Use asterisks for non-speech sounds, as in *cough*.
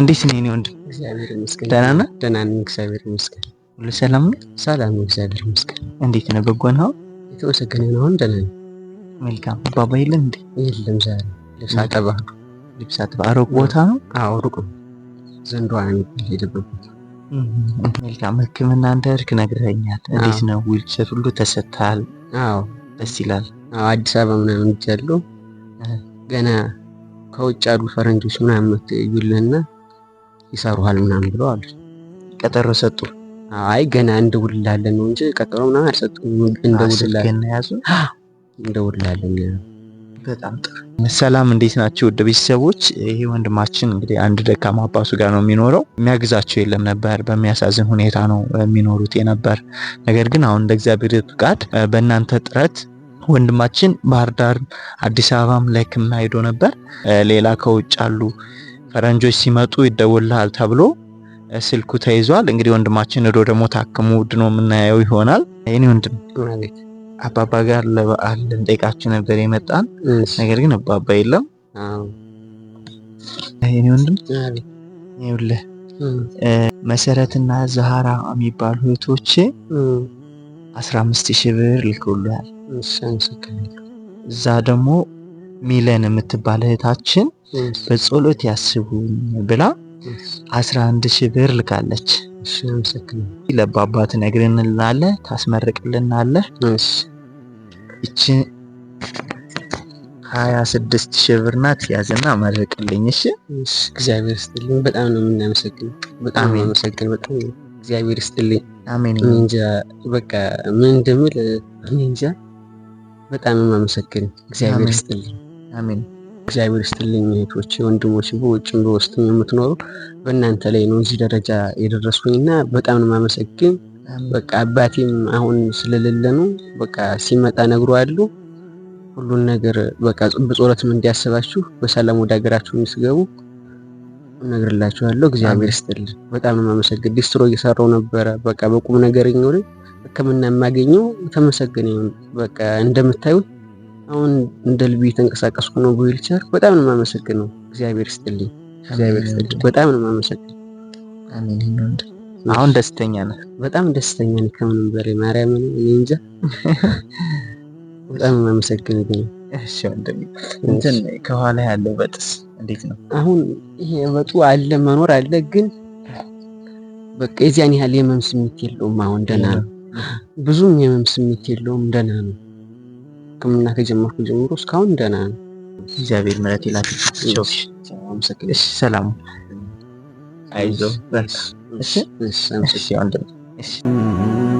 እንዴት ነህ የእኔ ወንድም? ደህና ነህ? ደህና ነኝ፣ እግዚአብሔር ይመስገን። ሁሉ ሰላም ነው? ሰላም ነው፣ እግዚአብሔር ይመስገን። እንዴት ነህ? በጎ ነው፣ የተመሰገነ ነው። አሁን ደህና ነኝ። መልካም። ባባ የለም እንዴ? የለም፣ ዛሬ ልብስ አጠባ ልብስ አጠባ። ሩቅ ቦታ ነው? አዎ፣ ሩቅ ነው። ዘንዶ የሚባል ቦታ መልካም ህክምና እንዳድርግ ነግረኸኛል። እንዴት ነው? ዊልቸር ሁሉ አዎ፣ ደስ ይላል። አዲስ አበባ ምናምን እጃሉ ገና ከውጭ ያሉ ፈረንጆች ምናምን መጥተው ይዩልህና ይሰሩሃል ምናምን ብለው አሉ። ቀጠሮ ሰጡ። አይ ገና እንደውልላለን ነው እንጂ ቀጠሮ ምናምን አልሰጡም። እንደውልላለን ያዙ እንደውልላለን በጣም ጥሩ። ሰላም እንዴት ናቸው ውድ ቤተሰቦች? ይሄ ወንድማችን እንግዲህ አንድ ደካማ አባቱ ጋር ነው የሚኖረው። የሚያግዛቸው የለም ነበር። በሚያሳዝን ሁኔታ ነው የሚኖሩት የነበር። ነገር ግን አሁን እንደ እግዚአብሔር ፍቃድ በእናንተ ጥረት ወንድማችን ባህር ዳር፣ አዲስ አበባም ለሕክምና ሄዶ ነበር። ሌላ ከውጭ አሉ ፈረንጆች ሲመጡ ይደወልሃል ተብሎ ስልኩ ተይዟል። እንግዲህ ወንድማችን ሄዶ ደግሞ ታክሙ ድኖ የምናየው ይሆናል። ይህኔ ወንድም አባባ ጋር ለበዓል ልንጠይቃችሁ ነበር የመጣን ነገር ግን አባባ የለም። ይኔ ወንድም ይኸውልህ መሰረትና ዛህራ የሚባሉ እህቶቼ አምስት ሺህ ብር ልከውልሃል። እዛ ደግሞ ሚለን የምትባል እህታችን በጸሎት ያስቡኝ ብላ 11 ሺህ ብር ልካለች። ለባባት ነግርንላለ ታስመርቅልናለህ። እቺ 26 ሺህ ብር ናት። ያዝና መርቅልኝ። እሺ፣ እግዚአብሔር ይስጥልኝ። በጣም ነው የምናመሰግነው። በጣም ያመሰግን በጣም እግዚአብሔር ይስጥልኝ። አሜን። እንጃ በቃ ምን እንደምል እንጃ። በጣም የማመሰግን እግዚአብሔር ይስጥልኝ። አሜን። እግዚአብሔር ይስጥልኝ እህቶች፣ ወንድሞች በውጭም በውስጥም የምትኖሩ በእናንተ ላይ ነው እዚህ ደረጃ የደረስኩኝ እና በጣም ነው የማመሰግን። በቃ አባቴም አሁን ስለሌለ ነው በቃ ሲመጣ ነግሮ አሉ ሁሉን ነገር በቃ ብጾለትም እንዲያስባችሁ በሰላም ወደ ሀገራችሁ እንድትገቡ ነግርላችኋለሁ። እግዚአብሔር ይስጥልኝ። በጣም ነው የማመሰግን። ዲስትሮ እየሰራው ነበረ። በቃ በቁም ነገረኛው ላይ ሕክምና የማገኘው ተመሰገነ። በቃ እንደምታዩት አሁን እንደ ልብ እየተንቀሳቀስኩ ነው በዊልቸር። በጣም ነው የማመሰግነው። እግዚአብሔር ይስጥልኝ። እግዚአብሔር ይስጥልኝ። በጣም ነው የማመሰግነው። አሁን ደስተኛ ነህ? በጣም ደስተኛ ነኝ ከምንም በላይ ማርያምን። እኔ እንጃ *laughs* በጣም የማመሰግን ግን እሺ ወንድሜ እንትን ከኋላ ያለው በጥስ እንዴት ነው አሁን? ይሄ በጡ አለ መኖር አለ ግን በቃ የዚያን ያህል የህመም ስሜት የለውም። አሁን ደህና ነው። ብዙም የህመም ስሜት የለውም። ደህና ነው። ሕክምና ከጀመርኩ ጀምሮ እስካሁን ደህና ነው። እግዚአብሔር ምሕረት ይላቸው። ሰላም አይዞህ በርታ። እሺ ወንድሜ እሺ